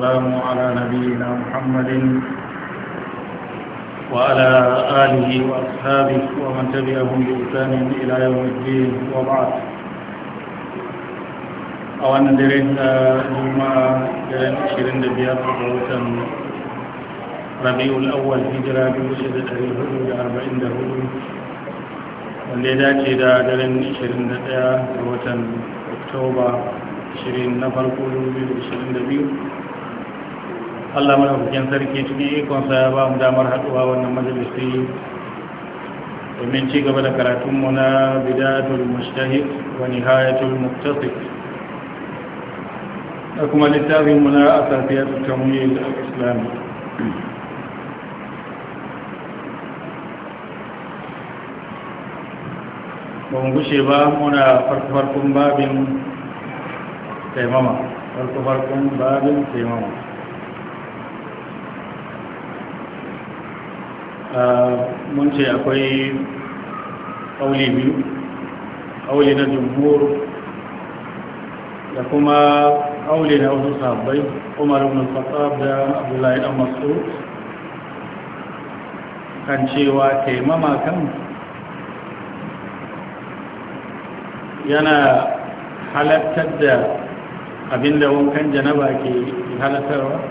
والسلام على نبينا محمد وعلى آله وأصحابه ومن تبعهم بإحسان إلى يوم الدين وبعد a wannan daren da juma'a daren 25 ga watan rabi'ul awwal hijira 1444 wanda ya dace da daren 21 ga watan oktoba 20 na farko Allah madaukakin sarki cikin ikonsa ya ba mu damar haɗuwa wannan majalisi domin ci gaba da karatunmu na bidatul mustahid wa nihayatul muktasib da kuma littafinmu na asafiyatul tamwil al-islami ba mu gushe ba muna farko-farkon babin taimama farko-farkon babin taimama mun ce akwai ƙauli biyu ƙauli na jumhur da kuma ƙauli na wasu sabbai umar ibn khattab da abdullahi dan mas'ud kan cewa taimama kan yana halattar da abinda wankan janaba ke halattarwa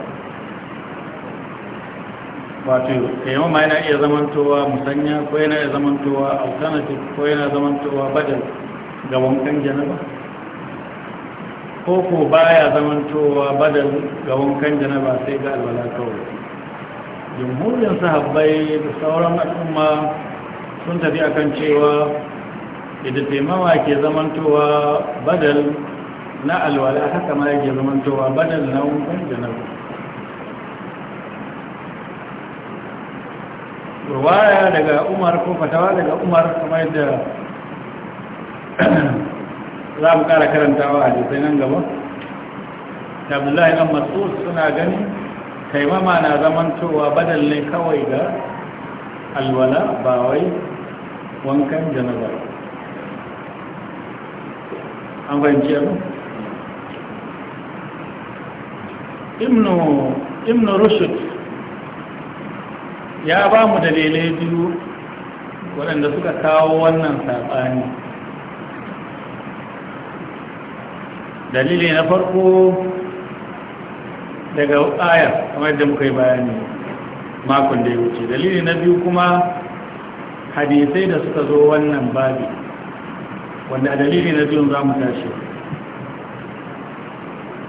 wato taimama yana iya zamantowa musanya ko yana iya zamantowa alternative ko yana zamantowa badal ga wankan janaba ko ko ba ya zamantowa badal ga wankan janaba sai ga albala kawai jumhurin sahabbai da sauran al'umma sun tafi akan cewa idan taimama ke zamantowa badal na alwala haka ma yake zamantowa badal na wankan janaba ruwaya daga umar ko fatawa daga umar kuma yadda za mu kara karantawa a jisai nan gaba da abdullahi ɗan masu suna gani taimama na towa badal ne kawai ga alwala bawai wankan janaba an fahimci yau ibnu rushut ya ba mu dalilai biyu waɗanda suka kawo wannan saɓani dalili na farko daga aya kamar da muka yi bayani makon da ya wuce dalili na biyu kuma hadisai da suka zo wannan babi wanda dalili na biyun za mu tashi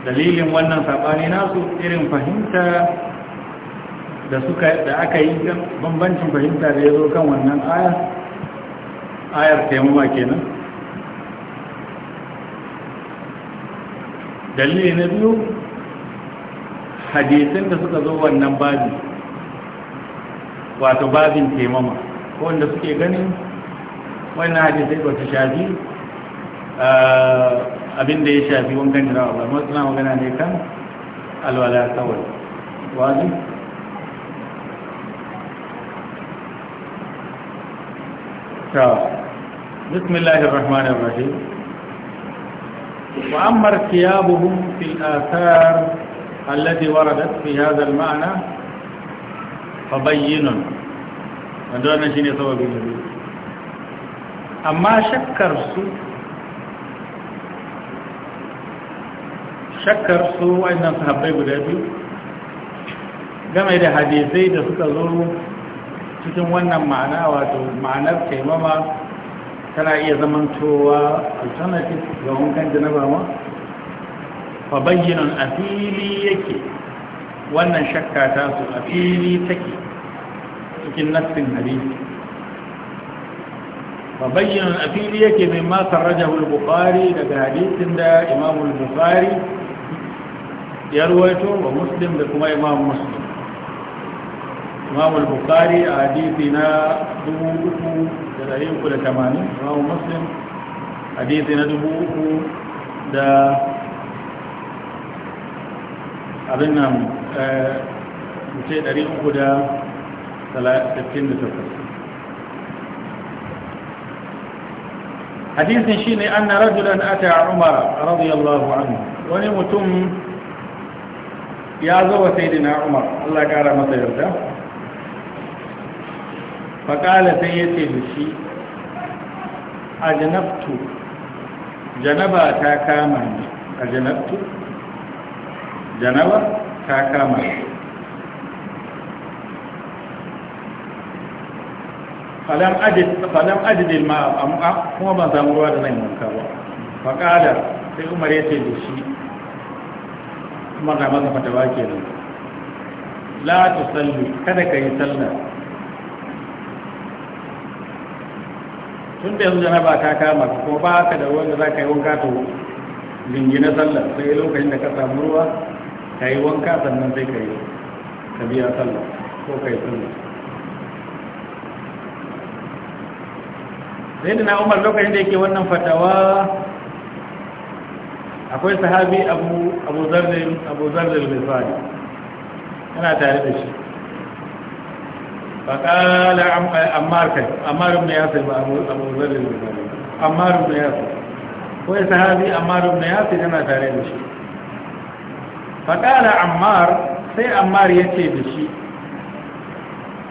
dalilin wannan saɓani nasu irin fahimta da suka da aka yi bambancin fahimta da ya zo kan wannan ayar ayar taimama kenan dalili na biyu hadisin da suka zo wannan babi wato babin taimama wanda suke ganin wannan hadisai ba su shafi eh, abinda ya shafi wankan jirawa ba masu na magana ne kan alwala kawai wazi آه. بسم الله الرحمن الرحيم وأما ارتيابهم في الآثار التي وردت في هذا المعنى فبين ودون شيء سبب النبي أما شكر سوء شكر سوء أن صحابي قد أبي إلى حديثي دفت cikin wannan ma'ana wato ma'anar taimama tana iya zamantowa alternative ga wankan janaba ma fa bayyinan a fili yake wannan shakka ta su a fili take cikin nassin hadisi fa bayyinan a fili yake mai masar rajahul bukari daga hadisin da imamul bukari ya ruwaito wa muslim da kuma imam muslim imam al-bukhari a hadisi na 3,380 imam hadisi na da abin nan eh, ce 368 hadisin shi ne an na rajulan ata umar radiyallahu anhu wani mutum ya zo wa sayidina umar Allah ya kara masa yarda faƙala sai ya ce da shi a janabtu janaba ta kama ne a janabtu janaba ta kama ne falam adidil ma amma kuma ban samu ruwa da nan wanka ba faƙala sai umar ya ce da shi umar na masa fatawa kenan la tusalli kada ka yi sallah tun da yanzu janaba ta kama ko ba ka da wanda za ka yi wanka to jingina sallar sai lokacin da ka samu ruwa ka yi wanka sannan sai ka yi ka biya sallar ko ka yi sallar sai da na umar lokacin da yake wannan fatawa akwai sahabi abu mai misali yana tare da shi faƙala ammar kai ammarin na yasir ba a mawuzarin da zai ammarin na yasir ko ya sahabi ammarin na yasir yana tare da shi faƙala ammar sai ammar ya ce da shi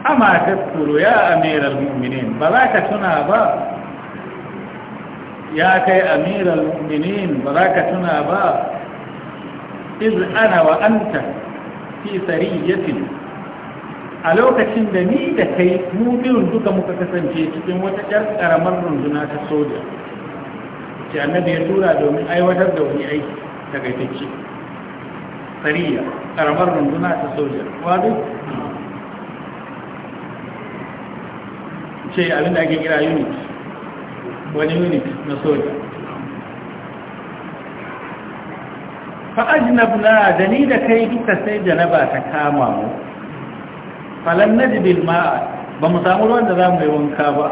amma ta turu ya amiral mu'minin ba za ka tuna ba ya kai amirar mu'minin ba za ka tuna ba iz ana wa anta fi a lokacin da ni da kai mu biyun duka muka kasance cikin wata ƴar ƙaramar runduna ta soja ce annabi ya tura domin aiwatar da wani aiki daga tacce sariya ƙaramar runduna ta soja wadu ce abin da ake kira unit wani unit na soja fa'ajinabna da ni da kai duka sai janaba ta kama mu falan jibin ma'a ba mu samu ruwan da za mu yi wanka ba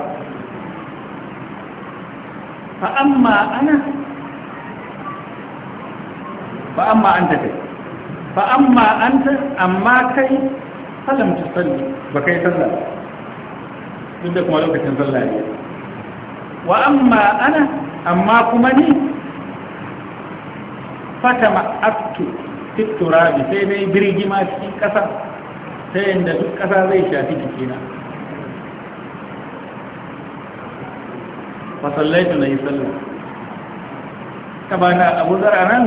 fa amma ana fa amma an tafi fa amma an ta amma kai falam ta salli ba kai sallah duk da kuma lokacin sallah ne wa amma ana amma kuma ni fata ma'attu fit Rabi sai dai birgima cikin ƙasa ta yadda duk ƙasa zai shafi jikina fasallaitu na yi sallu kama na abu zara nan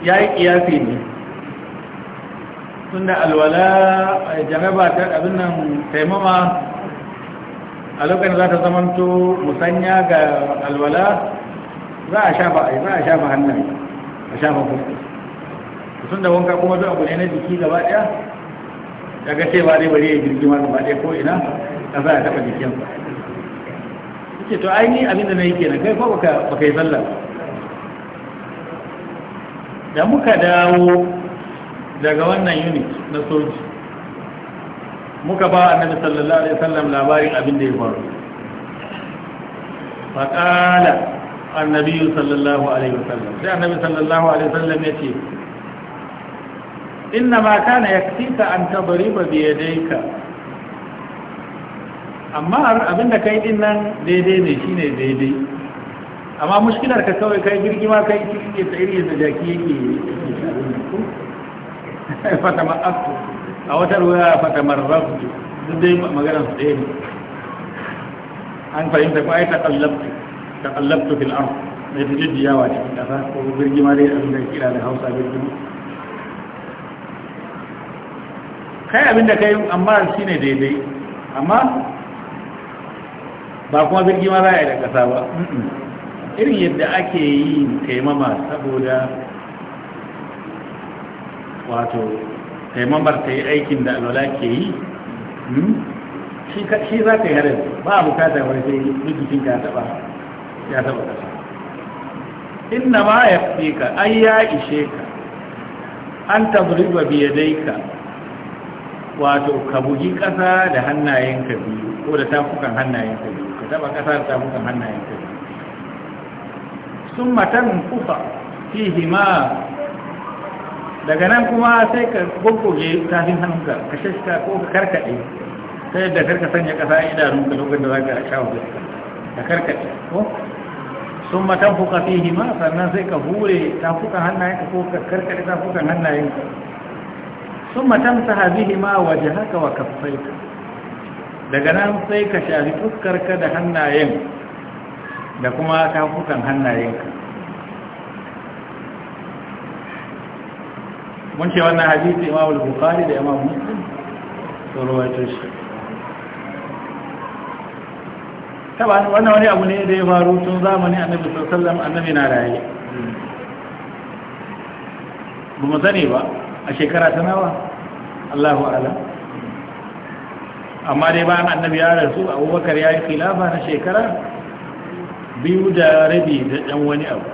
ya yi ƙiyafi ne tunda alwala eh, jaraba ta abin nan taimama a lokacin za ta zamanto musanya ga alwala za a shafa yi za a shafa hannun a shafa fuska sun da wanka kuma zuwa abu ne na jiki gaba ɗaya daga ba dai bari ya ma gaba ɗaya ko ina ka sa ya taɓa jikinsa ce to ai ni abinda na yi kenan kai ko baka ka yi sallah da muka dawo daga wannan unit na soji muka ba annabi sallallahu alaihi wasallam labarin abin da ya faru faqala annabi sallallahu alaihi wasallam sai annabi sallallahu alaihi wasallam ya ce inna ma kana yaktika an tadriba bi yadayka amma abinda kai din nan daidai ne shine daidai amma mushkilar ka kawai kai girgima kai kike tsiri da jaki yake fata ma'aftu a wata ruwa fata marraftu duk dai maganar su ɗaya ne an fahimta ko ai taqallabtu taqallabtu fil ard mai tijjiyawa cikin ƙasa, ko girgima dai abin da kira da Hausa girgima kai abinda kai amma shi ne daidai amma ba kuma birgi ma za a yi da kasa ba irin yadda ake yi taimama saboda wato taimamar ta yi aikin da alwala ke yi shi za ka yi harin ba a bukata wani sai rikicin ka taba ya taba kasa inna ma ya fi ka an ya ishe ka an tabiriba biya dai ka wato ka bugi ƙasa da hannayenka biyu ko da tafukan hannayenka biyu ka taba ƙasa da tafukan hannayenka biyu sun matan kufa fihi ma daga nan kuma sai ka goggoge tafin hannunka ka shashka ko ka karkaɗe ta yadda karka sanya ƙasa a ka lokacin da za ka sha wuce ka karkaɗe ko sun matan kuka fihi ma sannan sai ka hure tafukan hannayenka ko ka karkaɗe tafukan hannayenka ثم تمسح بهما وجهك وكفيك daga nan sai ka shari fuskarka da hannayen da kuma kafukan hannayenka mun ce wannan hadisi imam al-bukhari da imam muslim to rawaito shi taba wannan wani abu ne da ya faru tun zamanin annabi sallallahu alaihi wasallam annabi na raye ba mu sani ba a shekara ta nawa Allahu ala amma dai bayan annabi ya rasu abubakar ya yi khilafa na shekara biyu da rabi da ɗan wani abu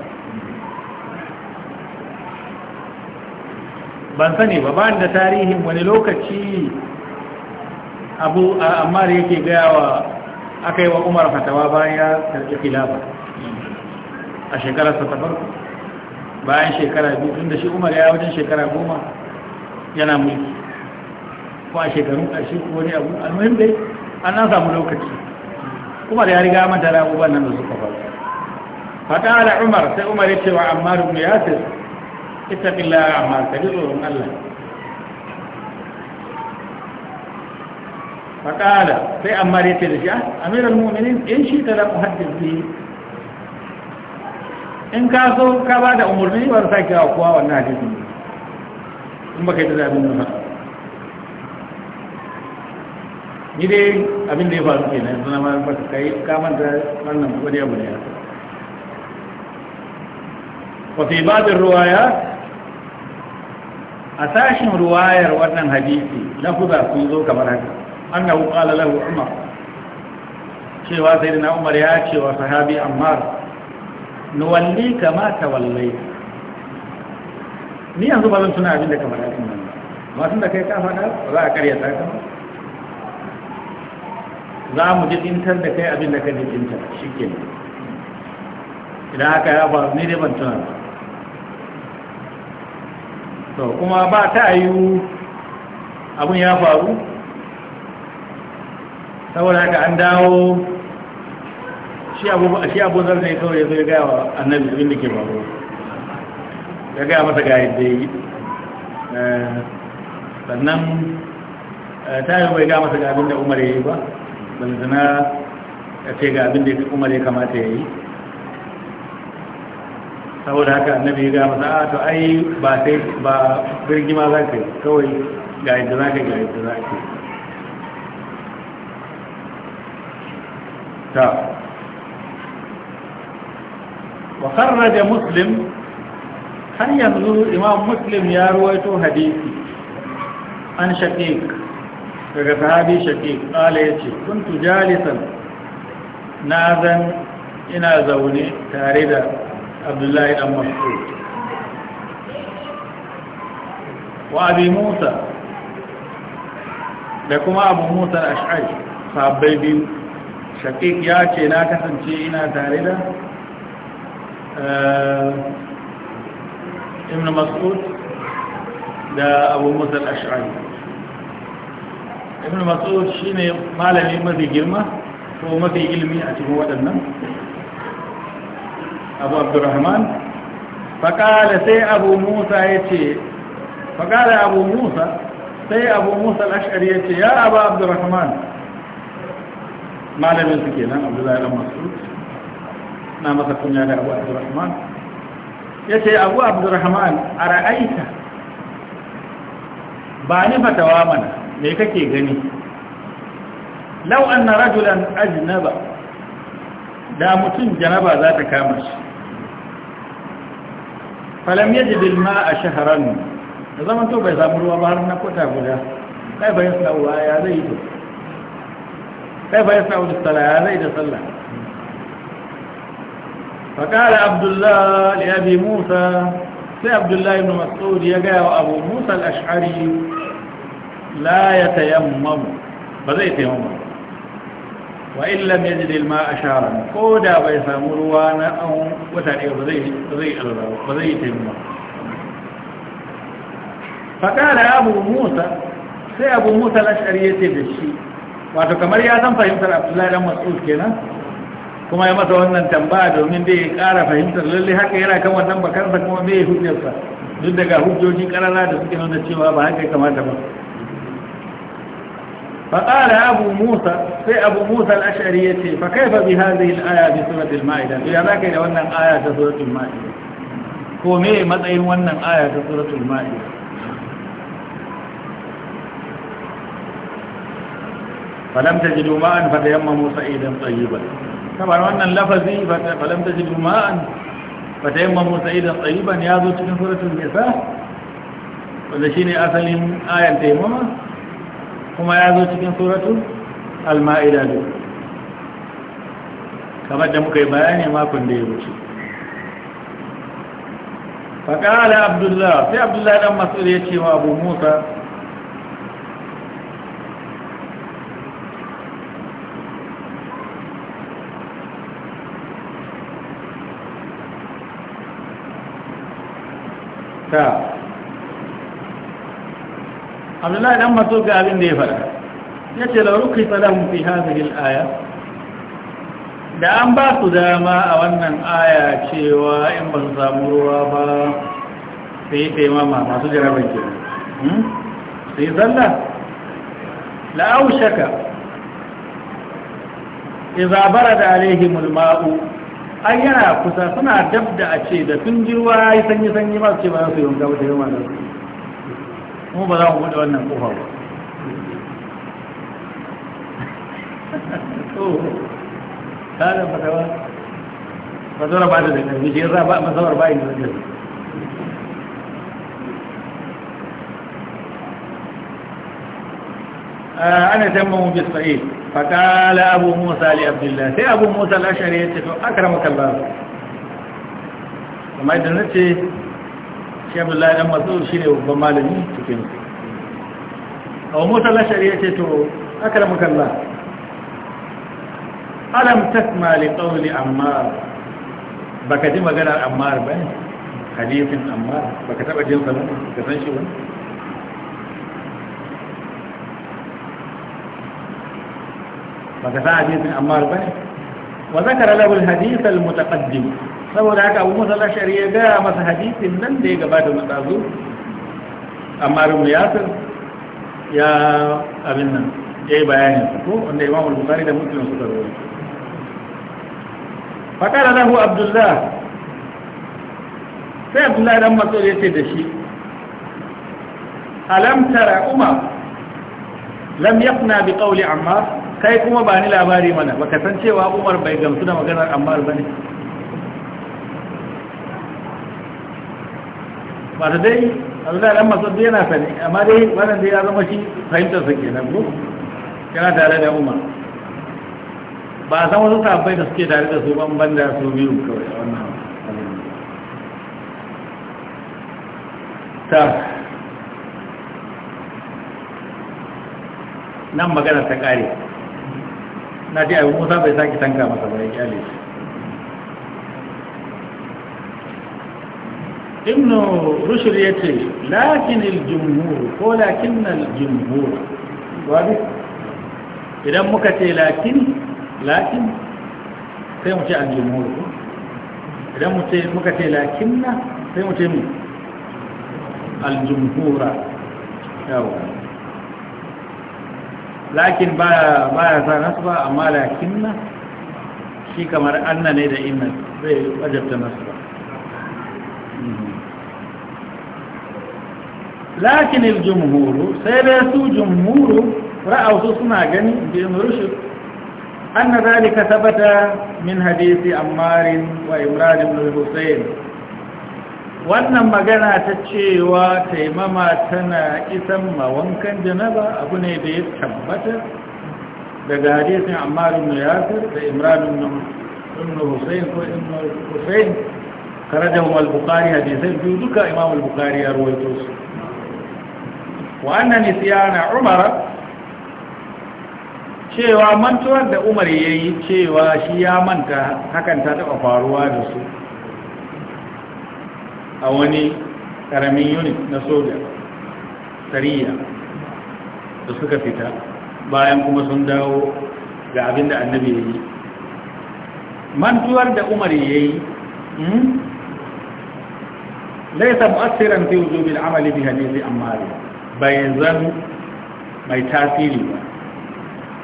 ban sani ba ba da tarihin wani lokaci abu ammar yake gayawa aka yi wa umar fatawa bayan ya karfi khilafa a shekarar sa ta farko bayan shekara biyu tun da shi umar ya wajen shekara goma yana mulki ko a shekarun ƙarshe ko wani abu almuhim dai an na samu lokaci kuma da ya riga manta da abubuwan nan da suka faru fata ala umar sai umar ya ce wa ammar ibn yasir ittaqilla ammar ka ji tsoron Allah fata ala sai ammar ya ce da shi ah, amiral mu'minin in shi ta da muhaddis bi in ka so ka ba da umarni ba sa ka kowa wannan hadisin in baka yi da abin nan ba ni dai abin da ya faru ke nan suna ma baka kai kamar kamanta wannan wani abu ne ya wafi babin ruwaya a sashin ruwayar wannan hadisi na lafuza sun zo kamar haka annahu qala lahu umar cewa sayyidina umar ya ce wa sahabi ammar nuwalli kama tawallaita ni yanzu ba zan tuna abin da kamar yakin nan masu da kai ka faɗa za a karya ta ka za mu ji tsintar da kai abin da ka ji tsintar shi ke idan haka ya faru ni dai ban tuna ba to kuma ba ta yiwu abin ya faru saboda haka an dawo shi abu zar ne kawai ya zai gaya wa annabi abin da ke faruwa ya gaya mata ga yadda yi eh, sannan eh, ta yi bai gaya mata ga abin da umar ya yi ba balantana ya ce ga abin da umar ya kamata ya yi saboda haka annabi ya gaya masa a to ai ba sai ba birgima za ka yi kawai ga yadda za ka ga yadda za ka yi ta وخرج مسلم har yanzu imam muslim ya ruwaito hadisi an shaqiq daga sahabi ya ce yace kuntu na zan, ina zaune tare da abdullahi dan Mas'u. wa abi musa da kuma abu musa al-ash'ari sahabbai biyu ya ce na kasance ina tare da eh, ابن مسعود ده أبو موسى الأشعري ابن مسعود شنو شيني ما في جلمة هو ما مذي علمي أتبه ودنا أبو عبد الرحمن فقال سي أبو موسى يتي فقال أبو موسى سي أبو موسى الأشعري يتي يا أبو عبد الرحمن ما لم جلمة عبد الله مسعود نعم سكون يا أبو عبد الرحمن ya ce abu abdurrahman a ra'aita ba ni fatawa mana me kake gani lau an na rajulan ajinaba da mutum janaba za ta kama shi falam ya ji bilma a shahararmu da zaman to bai samu ruwa ba har na kwata guda kai bayan sa'uwa ya zai yi to kai bayan sa'uwa da sallah ya zai da sallah فقال عبد الله لأبي موسى عبد الله بن مسعود يقع أبو موسى الأشعري لا يتيمم بغيت يوم وإن لم يجد الماء شارا قودا بيسام روانا أو وتعي بذي يوم فقال أبو موسى أبو موسى الأشعري يتبشي وعندما كمر يا سنفهم عبد الله بن مسعود كنا kuma ya masa wannan tambaya domin dai ya kara fahimtar lalle haka yana kan wannan bakarsa kuma me ya hujjarsa duk daga hujjoji ƙarara da suke nuna cewa ba haka ya kamata ba فقال أبو موسى في أبو موسى الأشعرية فكيف بهذه الآية في سورة المائدة إذا ذاك da ونن آية في سورة المائدة هو مي مطعين ونن آية في سورة المائدة فلم تجدوا ماء فتيمموا سعيدا طيبا kamar wannan lafazi falam tajidu ma'an fatayammamu sa'idan tsayiban ya zo cikin suratul nisa wanda ne asalin ayan taimama kuma ya zo cikin suratul al-ma'ida kamar da muka yi bayani makon da ya wuce faƙala abdullahi sai abdullahi dan masu ya ce wa abu musa abdullahi dan maso ga abin da ya fara ya ce lauruki salam fi hazihil aya da an ba su dama a wannan aya cewa in ba su samu ruwa ba su yi taimama masu jarabar ke hmm? su yi zalla la'aushaka izabara da alaihimul ma'u an yana kusa suna dab da a ce da sun ji yi sanyi-sanyi masu ce ba su yi wanka ba ta yi wanka mu ba za mu buɗe wannan ƙofa ba kada fatawa fasawar ba da ƙarfi shi yasa ba masawar bayin da zai ah, ana tambamu bi sa'id fa abu musa li sai abu musa al ya ce to akramaka allah kamar da ce. shi abdullahi dan masu shi ne babban malami cikin su abu musa lashari ya ce to aka da mukalla alam tasma li qawli ammar baka ji maganar ammar ba ne hadisin ammar baka taba jin sa ba ka san shi ba baka san hadisin ammar ba ne wa zakara lahu al-hadith al-mutaqaddim saboda haka abu musa lashari ya gaya masa hadisin nan da ya gabata matsazo amma ya san ya abin nan ya yi bayanin ko wanda imam al-bukhari da muslim suka ruwa fakara hu abdullah sai abdullah dan matsoro ya ce da shi alam tara umar lam yaqna bi qawli ammar kai kuma ba ni labari mana baka san cewa umar bai gamsu da maganar ammar bane wato dai abdullahi dan masud yana sani amma dai wannan dai ya zama shi fahimtar sa kenan ko yana tare da umar ba a san wasu sabbai da suke tare da su ban da su biyu kawai a wannan ta nan magana ta kare na ji abin musa bai sake tanka masa bai kyale shi ibn rushd ya ce lakin al-jumhur ko lakin al-jumhur wabi idan muka ce lakin lakin sai mu ce al-jumhur idan mu ce muka ce lakinna sai mu ce mu al-jumhura yawa lakin ba ya sa nasu ba amma lakinna shi kamar anna ne da inna zai wajabta nasu ba lakin al sai da su jumhur ra'aw su suna gani bi rushd anna zalika thabata min hadisi ammar wa imran ibn al-husayn wannan magana ta cewa taimama tana isan mawankan janaba abu ne da ya tabbata daga hadisin ammar ibn yasir da imran ibn husayn ko ibn husayn karajahu al-bukhari hadisan biyu duka imam al-bukhari ya rawaito su wa Isiyana umar cewa mantuwar da umar ya yi cewa shi ya manta hakan ta taba faruwa da su a wani karamin unit na soja tsariya da suka fita bayan kuma sun dawo ga abin da annabi ya yi mantuwar da umar ya yi hmm? laisa mu'assiran fi da amali bi hadisi ammari bayan zanu mai tasiri ba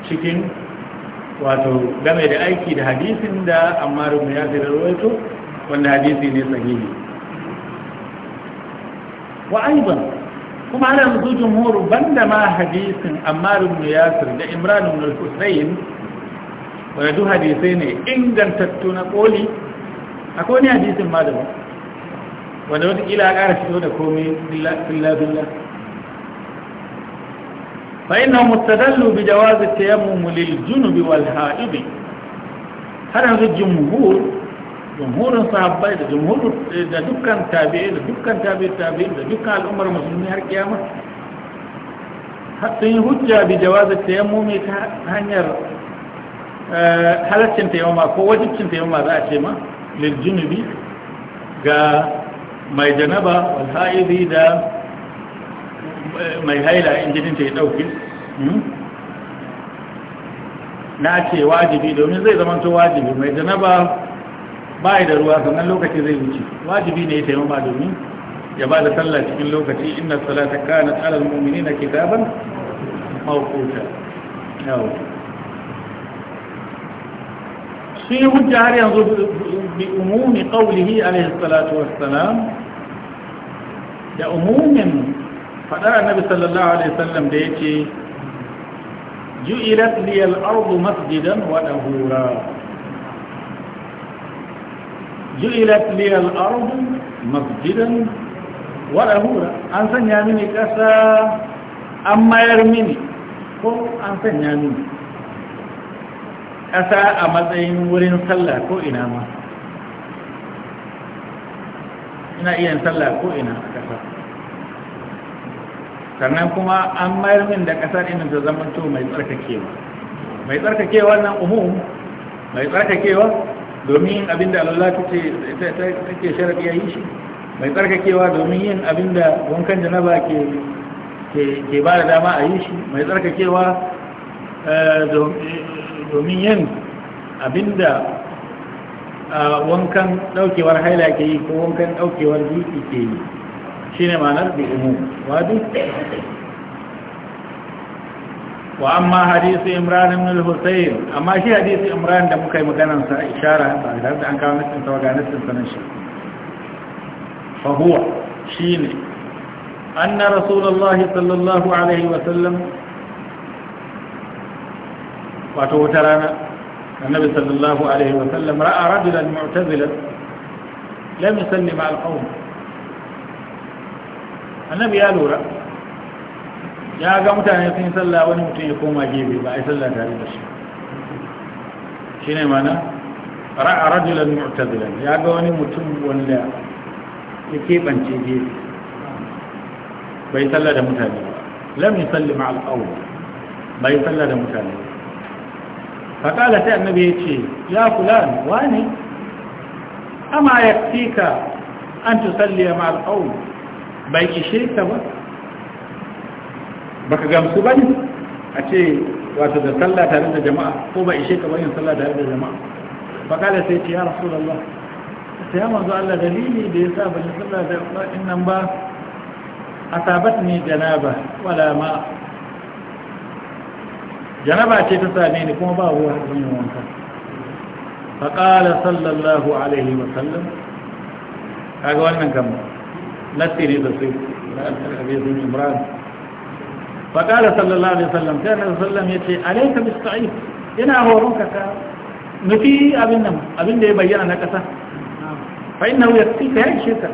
cikin wato game da aiki da hadisin da amma rumu ya zira rawaito wanda hadisi ne sahihi wa aiban kuma ana mutu jumhur banda ma hadisin amma rumu ya da imran ibn al-husayn wanda duk hadisai ne ingantattu na koli akwai wani hadisin ma da wanda wata kila ya kara fito da komai billah billah fa'inna mutadallu bi jawazi tayammum lil junubi wal ha'ibi hada zu jumhur jumhurun sahabbai da dukkan tabi'i da dukkan tabi'i tabi'i da dukkan al'ummar musulmi har kiyama hatta yin hujja bi jawazi tayammum ta hanyar halaccin tayammuma ko wajibcin tayammuma za a ce ma lil junubi ga mai janaba wal ha'ibi da mai haila in jininta ya ɗauke na ce wajibi domin zai zama to wajibi mai janaba ba da ruwa sannan lokaci zai wuce wajibi ne ya taimama domin ya ba da sallah cikin lokaci inna salata kanat alal mu'minina kitaban mawquta yawo shi hujja har yanzu bi umumi qawlihi alayhi salatu wassalam da umumin fadar annabi sallallahu alaihi wasallam da yake ju'ilat li al-ardu masjidan wa dahura ju'ilat li ardu masjidan wa dahura an sanya mini kasa an mayar mini ko an sanya mini kasa a matsayin wurin sallah ko ina ma ina iya sallah ko ina a kasa sannan kuma an mayar min da kasar inda da zama to mai tsarkakewa mai tsarkakewa nan umum mai tsarkakewa domin abinda alwala take sharaɗi ya yi shi mai tsarkakewa domin yin abinda wankan janaba ke ba da dama a yi shi mai tsarkakewa eh, domin yin abinda ah, wankan ɗaukewar haila ke yi ko wankan ɗaukewar duki ke yi شيني معناه بعموم وادي واما حديث عمران بن الحسين اما شي حديث عمران ده مكاي مغانن اشاره بعد ده ان كان مثل تو غانن سنن فهو شيني ان رسول الله صلى الله عليه وسلم واتو ترانا النبي صلى الله عليه وسلم راى رجلا معتزلا لم يسلم على القوم annabi ya lura ya ga mutane sun yi sallah wani mutum ya koma gefe ba a yi sallah tare da shi shi ne mana ra'a rajulan mu'tazilan ya ga wani mutum wanda ya keɓance gefe bai sallah da mutane ba lam yusalli ma'al qawm bai sallah da mutane ba faƙala ta annabi ya ce ya fulan wani ama ya fi an tusalli ya ma'al ƙaun bai ishe ka ba baka gamsu ba ne a ce wato da sallah tare da jama'a ko ba ishe ka ba yin sallah tare da jama'a fa kala sai ce ya rasulullah sai ya manzo Allah dalili da yasa ban sallah da in nan ba asabatni janaba wala ma janaba ce ta same ni kuma ba ruwa ban yi wanka fa kala sallallahu alaihi wa sallam kaga wannan kamar لا نتيري بسيط لا الحبيث من إمران فقال صلى الله عليه وسلم كان صلى الله عليه وسلم يتي عليك بستعيف إنا هو روكك نتي أبن نمو أبن دي بيانا فإنه يكتيك هاي الشركة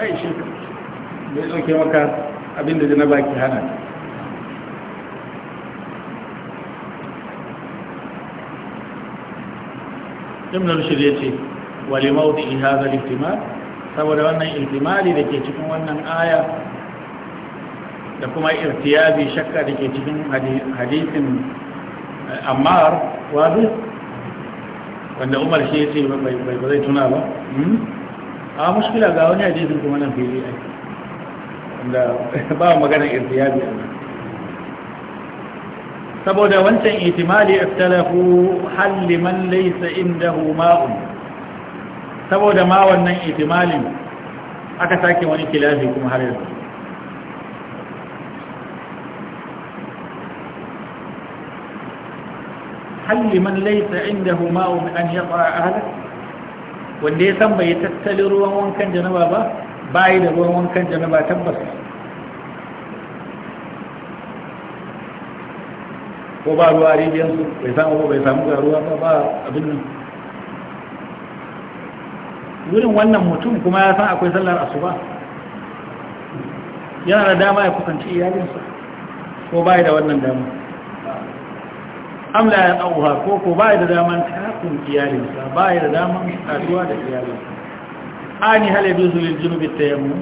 هاي الشركة بإذنك وكا أبن دي نباك هانا ابن ولموضع هذا الاهتمام saboda wannan iltimali da ke cikin wannan aya da kuma irtiyabi shakka da ke cikin hadisin ammar wadu wanda umar shi ce bai zai tuna ba a mushkila ga wani hadisin kuma nan fili a wanda ba maganin irtiyabi a nan saboda wancan itimali a talafu halliman laisa inda huma'un saboda ma wannan itimalin aka sake wani kilafi kuma har yanzu halli man laisa indahu ma'un an yaqa'a ahlak wanda ya san bai tattalin ruwan wankan janaba ba bai da ruwan wankan janaba tabbas ko ba ruwa rijiyarsu bai samu ba bai samu ga ruwa ba ba abin nan wurin wannan mutum kuma ya san akwai sallar asuba yana da dama ya kusanci iyalinsa ko ba da wannan dama amla ya tsauha ko ko ba da daman takun iyalinsa ba da daman saduwa da iyalinsa ani halabi zulil junubi yammu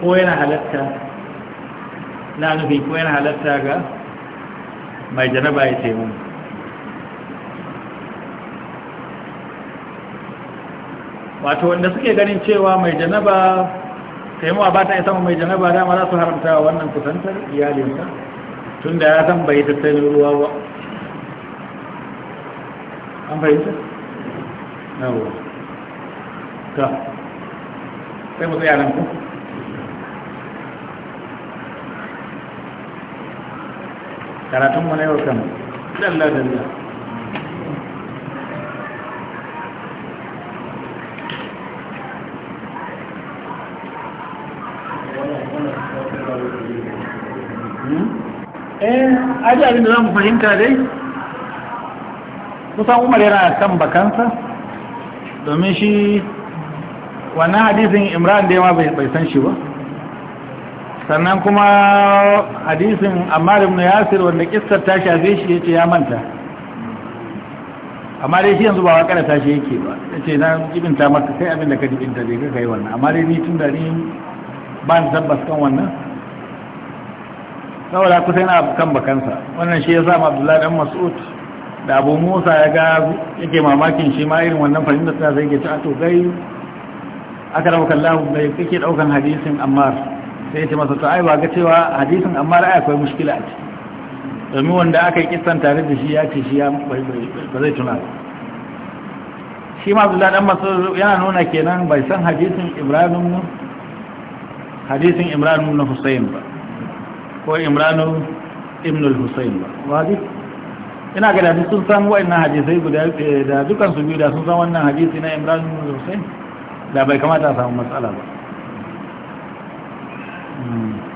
ko yana halatta na nufi ko yana halatta ga mai janaba ya taimun wato wanda suke ganin cewa mai janaba taimawa ba ta isa mai janaba dama za su haramta wa wannan kusantar iyalinsa tun da ya san bai tattalin ruwa ba an fahimta? yawo ta sai mutu tsaya ku karatunmu na yau kan dalla dalla Hmm? eh abin da za mu fahimta dai kusan umar yana kan bakansa domin shi wannan hadisin imran da yawa bai san shi ba sannan kuma hadisin da muna yasir wanda kissar ta shafe shi ce ya manta amma dai shi yanzu ba wa karanta shi yake ba yace na jibinta maka kai abin da ka jibinta zai ka kai wannan amma dai ni tun da ni ba ni tabbas kan wannan saboda kusa yana kan bakansa wannan shi ya sa abdullahi dan mas'ud da abu musa ya ga yake mamakin shi ma irin wannan fahimtar ta zai ke ci a to gai aka rabu kallahu bai kake daukan hadisin ammar sai ce masa to ai ba ga cewa hadisin ammar ai akwai mushkila ce domin wanda aka yi kisan tare da shi ya ce shi ya ba zai tuna shi ma abdullahi dan mas'ud yana nuna kenan bai san hadisin ibrahim hadisin imranu ibn husayn ba ko imranu ibn husayn ba wadi ina ga da sun san wa'annan hadisai guda eh, da dukan su biyu da sun san wannan hadisi na imranu ibn husayn da bai kamata a samu matsala ba hmm.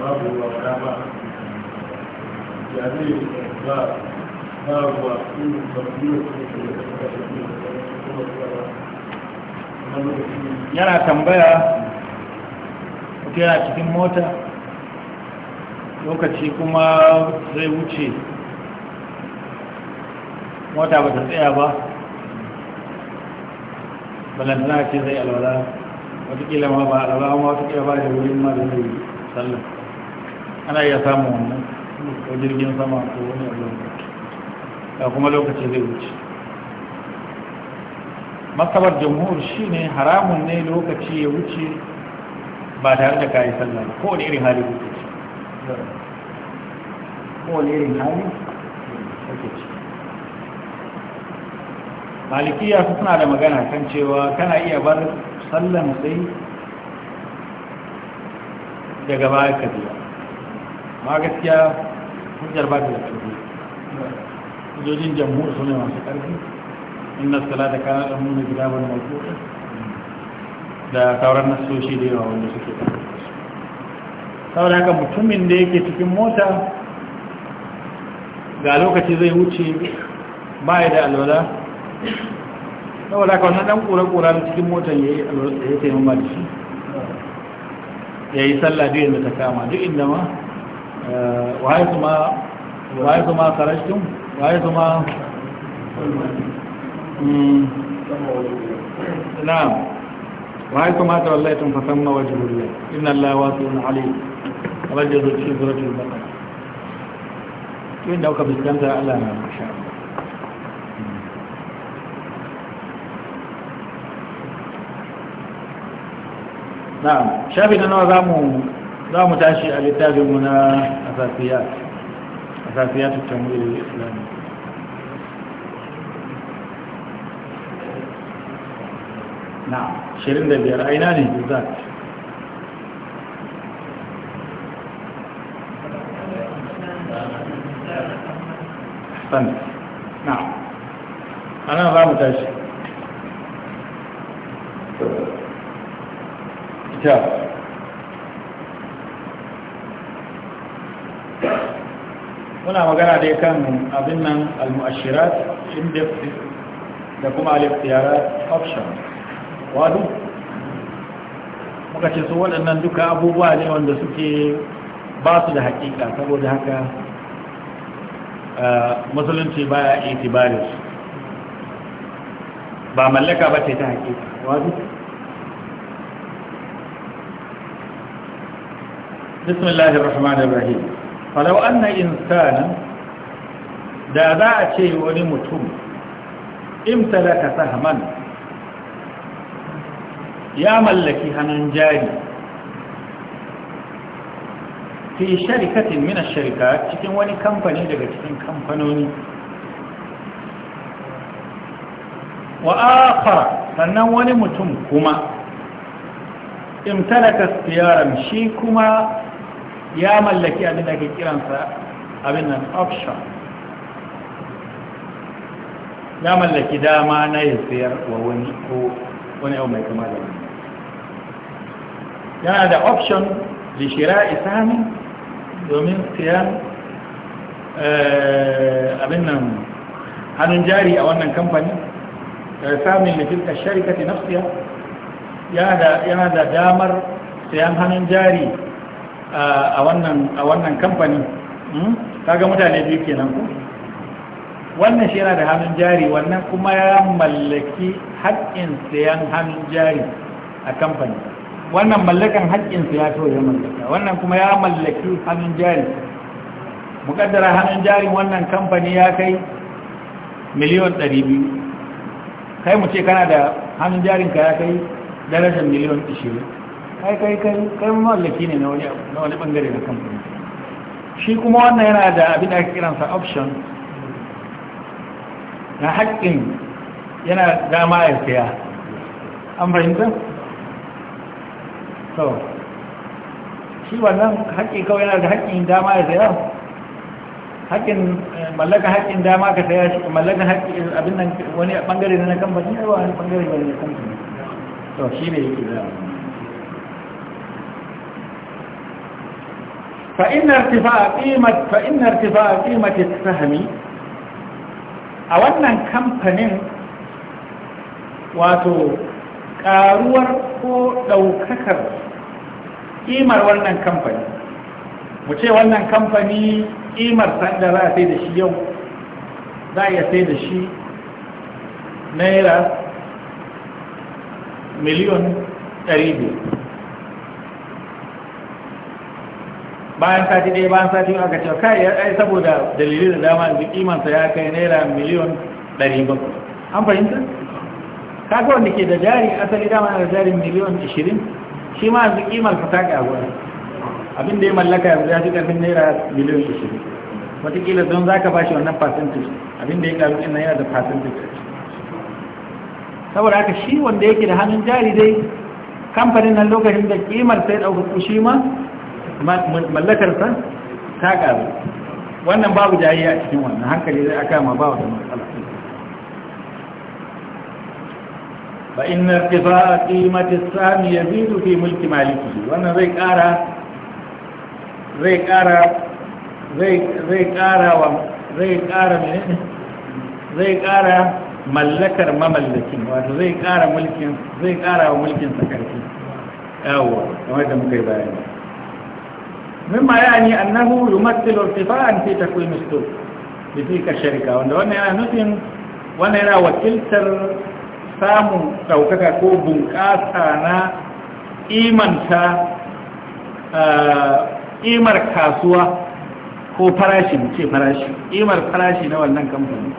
babu ruwa ta ba ba ba ruwa kuma suka yana tambaya mutu cikin mota lokaci kuma zai wuce mota ba ta tsaya ba balantana ce zai alwala watakila ma ba alwala ma watakila ba da wurin ma da zai sallah ana iya samun wannan ko jirgin sama ko wani abin da kuma lokaci zai wuce matsabar jamhur shi ne haramun ne lokaci ya wuce ba tare da kayi sallah ba ko wani irin hali ko wani irin hali malikiya su suna da magana kan cewa kana iya bar sallan sai daga baya ka biya ma gaskiya hujjar ba ta da ƙarfi hujjojin jamhur su ne masu ƙarfi inna salata kana da mun gida ban mawdu'a da sauran nasoshi da yawa wanda suke Sau saboda haka mutumin da yake cikin mota ga lokaci zai wuce ba ya da alwala saboda haka wannan dan kura ƙura da cikin motar ya yi alwala da ya taimama da shi ya yi sallah duk inda ta kama duk inda ma آه، وحيث ما خرجتم وحيث ما نعم وحيث ما توليتم فثم وجه الله إن الله واسع عليم رجل الشيخ رجل البقرة وين دوك بالجنة ألا ما شاء الله نعم شابنا نوع لا متأشئة لتاجمنا أفافيات اساسيات التمويل الإسلامي نعم شيرين دبي رأيناني بذلك أحسنت نعم أنا لا متأشئة كتاب muna magana dai kan abin nan al-mu'ashirat index da kuma al-ikhtiyarat option wadu muka ce su waɗannan duka abubuwa ne wanda suke ba su da hakika saboda haka musulunci baya itibarin su ba mallaka ba ce ta hakika wadu bismillahir rahmanir rahim falau anna insanan da za a ce wani mutum imtalaka sahman ya mallaki hannun jari fi sharikatin min ash cikin wani kamfani daga cikin kamfanoni wa akhar sannan wani mutum kuma imtalaka siyaran shi kuma ya mallaki abin da ke kiransa abin nan option ya mallaki dama na ya sayar wa wani ko wani yau mai kama da wani yana da option da shira isami domin siyan abin nan hannun jari a wannan kamfani samun lafilka sharikati nafsiya yana da damar sayan hannun jari a wannan kamfani hmm? kaga mutane biyu kenan ku wannan shi yana da hannun jari wannan kuma ya mallaki haƙƙin sayan hannun jari a kamfani wannan mallakan haƙƙin ya to ya mallaka wannan kuma ya mallaki hannun jari muƙaddara hannun jarin wannan kamfani ya kai miliyon 200 kai mu ce kana da hannun jarinka ya kai darajar miliyon 20 kai kai kai kai mallaki ne na wani bangare na kamfani shi kuma wannan yana da abin da ake kiransa option na haƙƙin yana dama ya siya an fahimta? so shi wannan haƙƙi kawai yana da haƙƙin dama ya siya haƙƙin eh, mallaka haƙƙin dama ka saya shi mallaka haƙƙin abin nan wani bangare na kamfani ne wani bangare na kamfani To shi ne yake da فإن ارتفاع قيمة فإن ارتفاع a wannan kamfanin wato ƙaruwar ko ɗaukakar ƙimar wannan kamfani mu ce wannan kamfani ƙimar sanda za a sai da shi yau za a sai da shi naira miliyon 500 bayan sati ɗaya bayan sati aka cewa kai ya ai saboda dalilin da dama da kimansa ya kai naira miliyon ɗari ba an fahimta kaga wanda ke da jari asali dama da jari miliyon ashirin shi ma yanzu ka ta ƙaru abin da ya mallaka yanzu ya fi ƙarfin naira miliyon ashirin wataƙila don za ka bashi wannan percentage abin da ya ƙaru ɗin yana da percentage saboda haka shi wanda yake da hannun jari dai kamfanin nan lokacin da kimar sai ɗaukaku shi ma mallakarsa ta ƙaru wannan babu jayayya a cikin wannan hankali zai aka ma ba wata matsala fa inna irtifa'a qimati as-sami yazidu fi mulki maliki wannan zai ƙara zai ƙara zai zai ƙara wa zai ƙara menene zai ƙara mallakar mamallakin wato zai ƙara mulkin zai ƙara wa mulkin sa ƙarfi yawo kamar da muka yi bayani mimma yani annahu yumathilu irtifa'an fi takwim as-suq bi tilka sharika wanda wannan yana nufin wannan yana wakiltar samun daukaka ko bunƙasa na imanta imar kasuwa ko farashi ce farashi imar farashi na wannan kamfani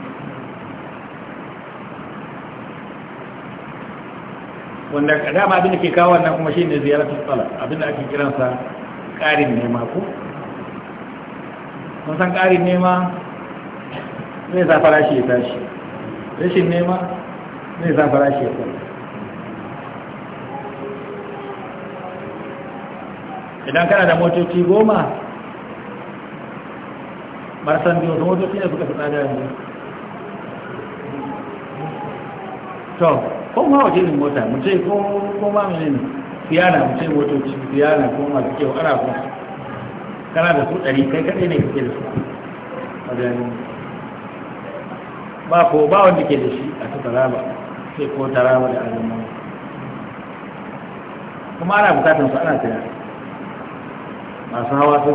wanda dama abin da ke kawo wannan kuma shi shine ziyaratul talab abin da ake kiransa ƙarin nema ko kun san ƙarin nema zai sa farashi ya tashi rashin nema zai sa farashi ya tashi idan kana da motoci goma marasan biyu da motoci ne suka fi tsada yanzu to ko ma wace mota mutum ko ma mene ne siyana mu wato motoci siyana kuma masu kyau ana kuma kana da su ɗari kai kaɗai ne kake da su a gani ba ko ba wanda ke da shi a ta taraba sai ko taraba da azama kuma ana bukatar su ana saya masu hawa su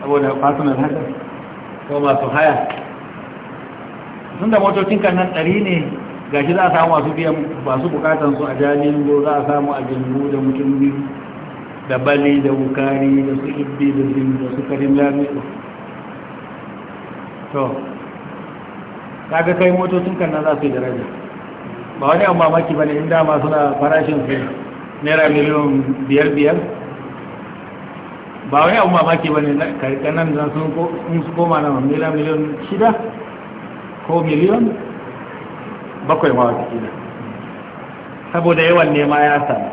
saboda fasunan haka ko masu haya sun da motocin kan nan ɗari ne gashi za a samu masu biyan masu bukatan su a jami'in go za a samu a gindu da mutum biyu da bali da wukari da su ibbi da zin da su karin lamiɗo to kaga kai motocin kan nan za su yi daraja ba wani amma maki bane in dama suna farashin su naira miliyan biyar biyar ba wani abu mamaki ba ne karkanan nan sun koma na miliyan shida ko miliyan bakwai ma wakila saboda yawan nema ya samu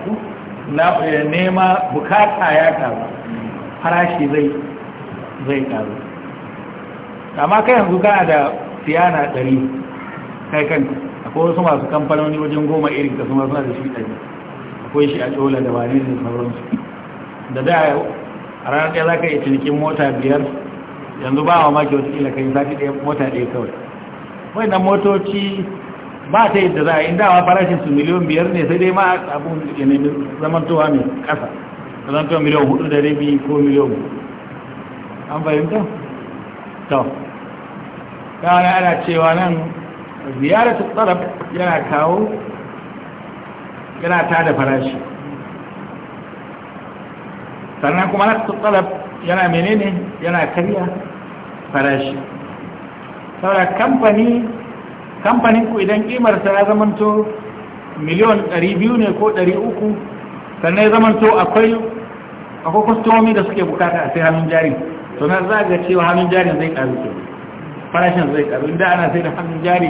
eh, nema bukata ya taru farashi zai zai taru amma kai yanzu kana da siyana ɗari kai kan akwai wasu masu kamfanoni wajen goma irin ka suna suna da shi ɗari akwai shi a tsola da wani ne sauransu da da a ranar ɗaya za ka yi cinikin mota biyar yanzu ba wa maki wata ƙila kai sati ɗaya mota ɗaya kawai na motoci ba ta yadda za a yi dawa farashin su miliyon biyar ne sai dai ma abun zaman zamantowa mai kasa zamantowa miliyon hudu da rabi ko miliyon an fahimta? to yana ana cewa nan ziyarar tsarab yana kawo yana ta da farashi sannan kuma na tsarab yana menene yana karya farashi saboda kamfani kamfanin ku idan kimarsa ya zamanto miliyon 200 ne ko 300 sannan ya zamanto akwai akwai kwastomomi da suke bukata a sai hannun jari to na za ga cewa hannun jari zai karu ke farashin zai karu inda ana sai da hannun jari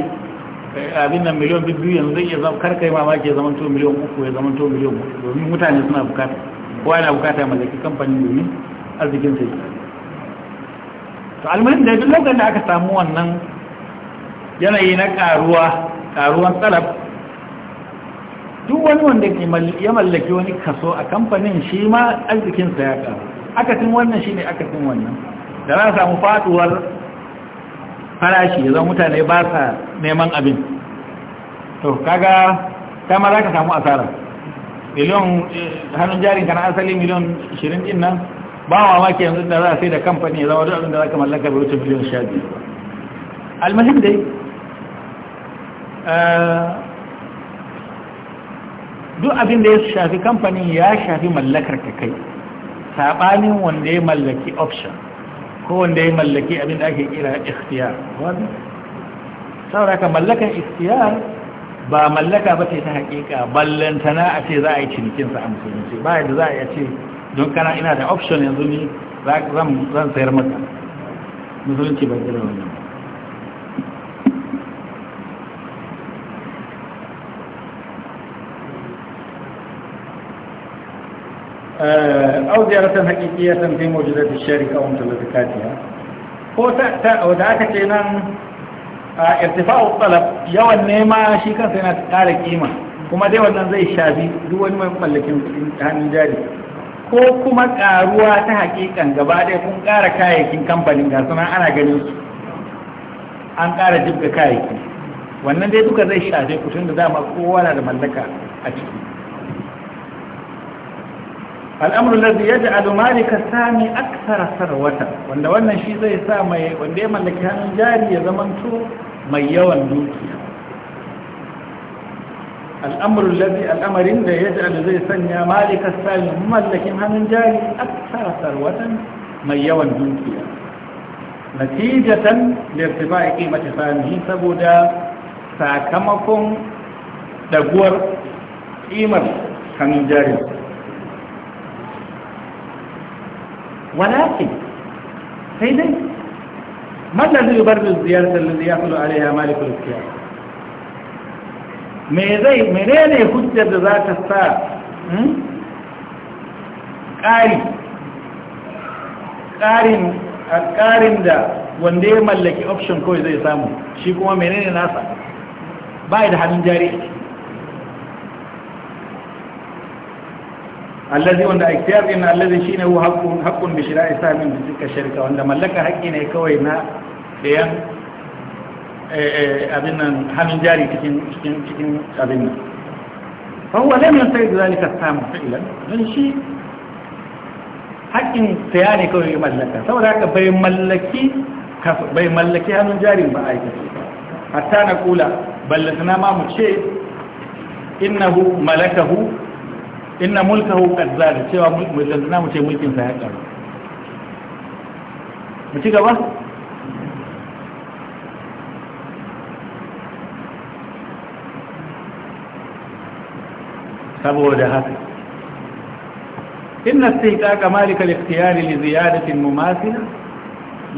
eh, abin nan miliyon biyu yanzu zai iya zama karkai mamaki ya zamanto miliyon uku ya zamanto miliyon 4 domin mutane suna bukata ko yana bukata mallaki kamfanin domin arzikin sai to almuhim da duk lokacin da aka samu wannan yanayi na karuwa karuwan talab duk wani wanda ya mallaki wani kaso a kamfanin shi ma arzikinsa ya karu akasin wannan shi ne akasin wannan da za a samu faduwar farashi zan mutane ba sa neman abin to kaga kama za ka samu asara miliyon eh, hannun jarin ka na asali miliyon 20 din nan ba wa maki yanzu da za a sai da kamfani ya zama duk abin da za ka mallaka bai wuce miliyon 12 almahim dai Eh, duk abin da ya shafi kamfanin ya shafi mallakar ka kai saɓanin wanda ya mallaki option ko wanda ya mallaki abin da ake kira ikhtiyar wani sauraka mallakar ikhtiyar ba mallaka ba ce ta haƙiƙa ballantana a ce za a yi cinikinsa a musulunci ba yadda za a yi ce don kana ina da option yanzu ni zan sayar maka musulunci ba gina wannan au ziyaratan haqiqiyatan في موجودة الشركة أو متلذكاتها mutalattikatiha ko ta ta da aka ce nan a irtifa'u talab yawan nema shi kansa yana tsara kima kuma dai wannan zai shafi duk wani mai hannun jari ko kuma ƙaruwa ta haƙiƙan gaba ɗaya kun ƙara kayayyakin kamfanin ga suna ana ganin su an ƙara jibga kayayyaki wannan dai duka zai shafe kutun da dama kowa na da mallaka a ciki al'amur lazi ya ja'alu malika sami aksara sarwata wanda wannan shi zai sa mai wanda ya mallaki hannun jari ya zamanto mai yawan dukiya al'amur lazi al'amarin da ya ja'alu zai sanya malika sami mallakin hannun jari aksara sarwatan mai yawan dukiya natijatan lirtifa ya kimata sami saboda sakamakon daguwar kimar hannun jarinsa walakin sai dai mallan zai da ziyartar da ya fulo alaiya malikul kiyar me zai menene hujjar da za ta sa ƙari ƙarin da wanda ya mallaki option kawai zai samu shi kuma menene nasa ba da hannun jari allazi wanda ikhtiyar din allazi shine hu haqqun haqqun bi shira'i samin bi tilka shirka wanda mallaka haƙƙi ne kawai na dayan abin nan hannun jari cikin cikin cikin abin nan fa huwa lam yantahi zalika samu fi'lan dan shi haƙƙin saya ne kawai mallaka saboda haka bai mallaki bai mallaki hannun jarin ba a aikace hatta na kula ballatana ma mu ce innahu malakahu inna mulkahu qad zada cewa mulkin na mu ce mulkin sa ya karu mu ci gaba saboda haka inna istiqaqa malika al-ikhtiyar li ziyadatin mumathila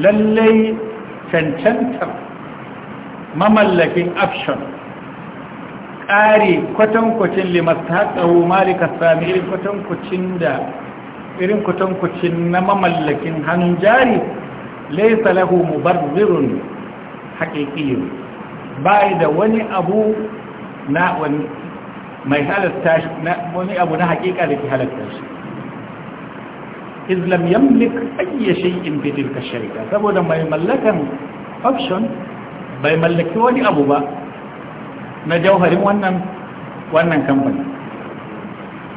lallai cancantar mamallakin option ƙari kwatankwacin limastaƙawo malika sami irin kwatankwacin da irin kwatankwacin na mamallakin hannun jari laisa lahu mubarzirun haƙiƙiyar bai da wani abu na wani mai halatta shi wani abu na haƙiƙa da ke halatta shi islam yamlik ayya in bi tilka shirka, saboda mai mallakan option bai mallaki wani abu ba na jauharin wannan wannan kamfani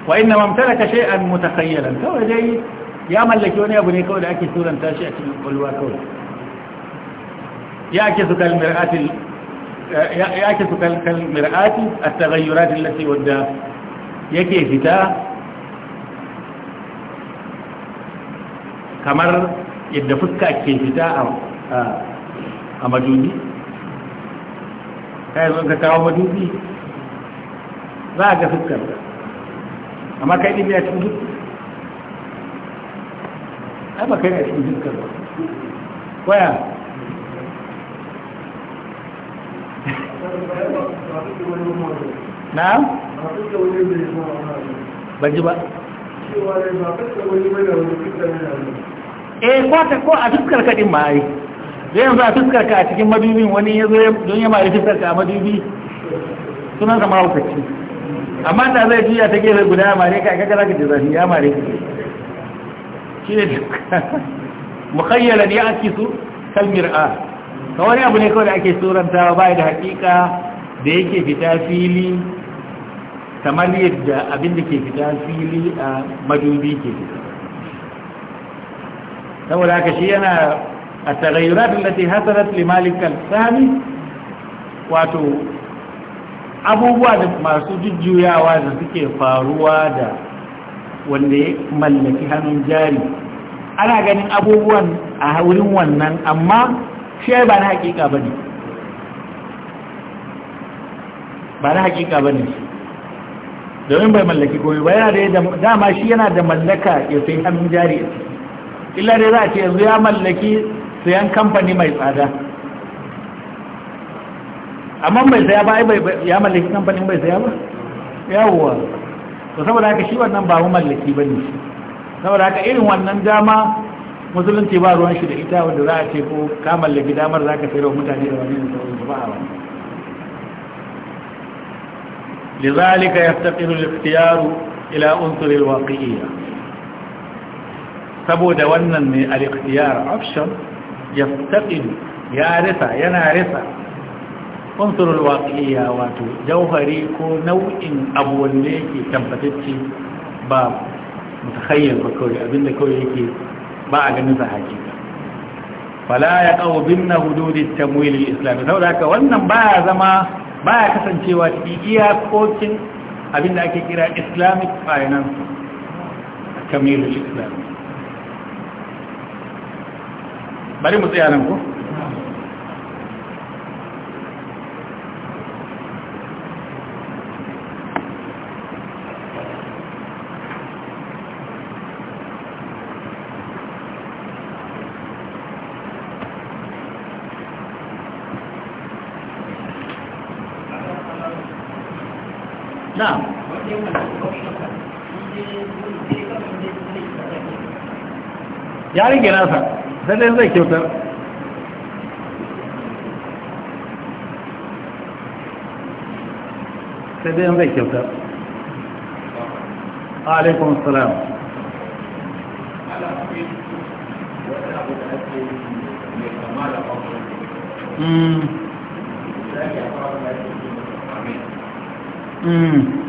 wa inna mamtalaka shay'an mutakhayyalan kawai dai ya mallaki wani abu ne kawai da ake suranta shi a cikin kwalwa kawai ya ake su kalmir'atil ya ake su kalmir'ati at-taghayyurat allati wadda yake fita kamar yadda fuska ke fita a madubi kai zo ka kawo madubi za a ga fuskar amma kai ɗin ya cikin fuskar ai ba kai ne a cikin fuskar ba waya na? ba ji ba eh ko a fuskar kaɗin ma'ai da yanzu a fiskar ka a cikin madubin wani ya zo don ya mari ka a madubi sunan sa hukaci amma da zai juya ta gefe guda ya mare ka a kakara ka ji zafi ya mare ka shi ne mukhayyala ne ya kisu su kalmir a ka wani abu ne kawai da ake tsorantawa ba da hakika da yake fita fili kamar yadda abin da ke fita fili a madubi ke fita saboda haka shi yana التغيرات التي حصلت لمالك الثاني واتو abubuwa da masu jujjuyawa da suke faruwa da wanda ya mallaki hannun jari ana ganin abubuwan a wurin wannan amma shi ba na hakika ba ne ba na hakika ba ne domin bai mallaki komai ba yana da dama shi yana da mallaka ya sai hannun jari illa dai za a ce yanzu ya mallaki sayan kamfani mai tsada amma bai saya ba ya mallaki kamfanin bai saya ba yawwa to saboda haka shi wannan ba mu mallaki ba ne saboda haka irin wannan dama musulunci ba ruwan shi da ita wanda za a ce ko ka mallaki damar za ka sayarwa mutane da wani da sauransu ba a wani لذلك يفتقر الاختيار إلى أنصر الواقعية سبو دوانا من الاختيار option yaftaqidu ya risa yana risa unsur alwaqiya wato jauhari ko nau'in abu wanda yake tabbatacce ba mutakhayyal ba kawai abinda kawai yake ba a ganin sa hakika fala ya qaw binna hudud tamwil al saboda haka wannan baya zama baya kasancewa cikin iyakokin abinda ake kira islamic finance tamwil al bari mu tsaya nan ko na'am ya rike nasa sannan zai kyautar sannan zai kyautar alaikun salam Mm.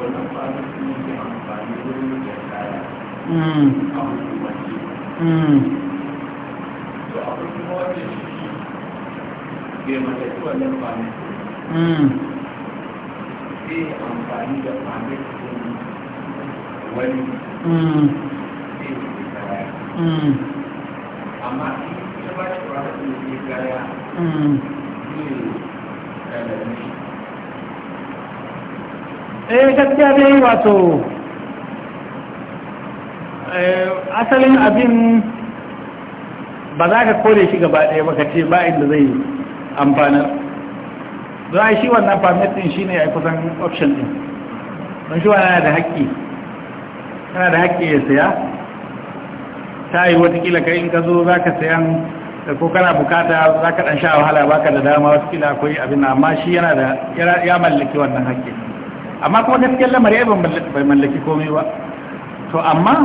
wannan kwanan sun yi amfani wurin da kaya a hukumance to akwai kuma wanda shi bai mallaki wannan kwanan sai amfani da kwanan wani sai su kaya amma shi ya ba shi kwanan sun mm. yi kaya zai ɗaga mishi eh gaskiya dai wato eh, asalin abin ba za ka kore shi gaba ɗaya ba ka ce ba inda zai amfanar don ai shi wannan permit shi ne ai kusan option din don shi wannan da haƙƙi yana da haƙƙi ya saya ta yi watakila kai in ka zo za ka sayan da ko kana bukata za ka ɗan sha wahala ba ka da dama watakila akwai abin amma shi yana da ya mallaki wannan haƙƙi amma kuma gaskiyar lamari ya bai mallaki komai ba to amma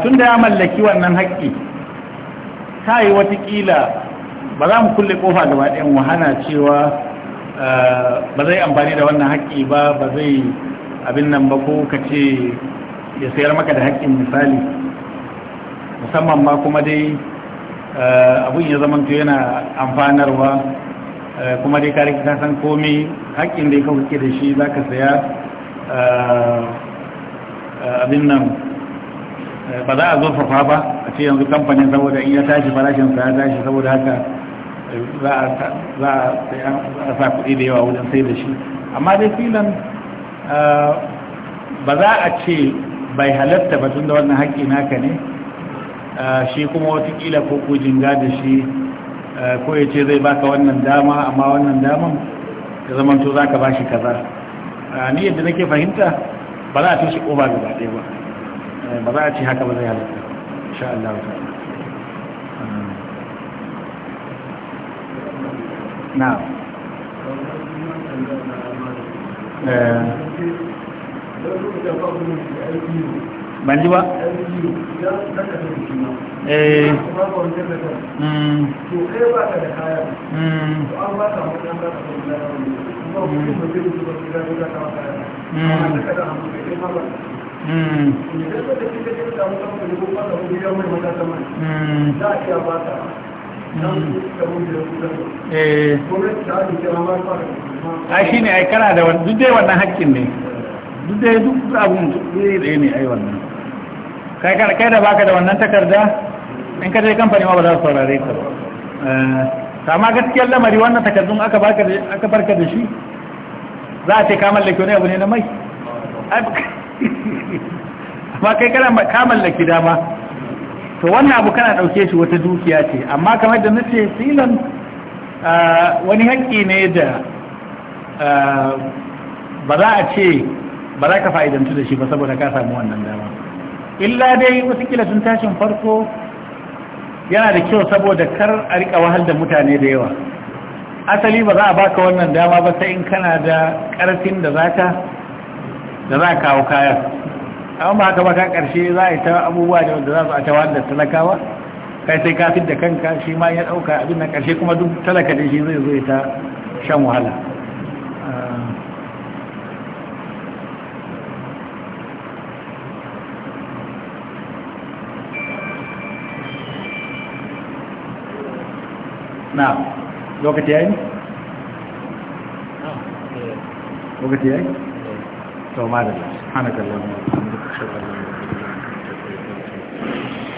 tun da ya mallaki wannan haƙƙi ta yi watakila ba za mu kulle ƙofa gaba ɗayan wahana cewa ba zai amfani da wannan haƙƙi ba ba zai abin nan ba ko ka ce ya sayar maka da haƙƙin misali musamman ma kuma dai abin ya zamanto yana amfanarwa kuma dai kare kasan san komai haƙƙin da ya kawo ke da shi za ka saya eh, eh, abin nan eh, ba za a zurfafa ba a ce yanzu kamfanin saboda in ya tashi farashinsa ya tashi saboda haka za a sa kuɗi da yawa wajen sai da shi amma dai filan ba za a ce bai halatta ba tun da wannan haƙƙi naka ne shi kuma watakila ko kujin da shi ko ya ce zai baka wannan dama amma wannan daman ya zama to za ka ba shi kaza ni yadda nake fahimta ba za a shi, ƙoba gaba ɗaya ba eh, ba za a ce haka ba zai halitta insha Allah ta na eh ban ji ba eh a shi ne ai kana da duk dai wannan hakkin ne duk dai duk abun ne ai wannan kai kai da baka da wannan takarda in ka je kamfani ma ba za su saurare ka ba eh, amma gaskiyar lamari wannan takardun aka baka aka barka da shi za a ce ka mallaki wani abu ne na mai amma kai kana ka mallaki dama to wannan abu kana dauke shi wata dukiya ce amma kamar da nace silan eh, wani haƙƙi ne da eh, ba za a ce ba za ka fa'idantu da shi ba saboda ka samu wannan dama illa dai watakila tun tashin farko yana da kyau saboda kar a rika wahal da mutane da yawa asali ba za a baka wannan dama ba sai in kana da karfin da za ka da za kawo kayan amma ba haka ba ka karshe za a yi ta abubuwa da wanda za su a ta wanda talakawa kai sai ka da kanka shi ma ya ɗauka abin na karshe kuma duk talaka da shi zai zo ta shan wahala na lokaci ya yi? lokaci ya to ma da hannun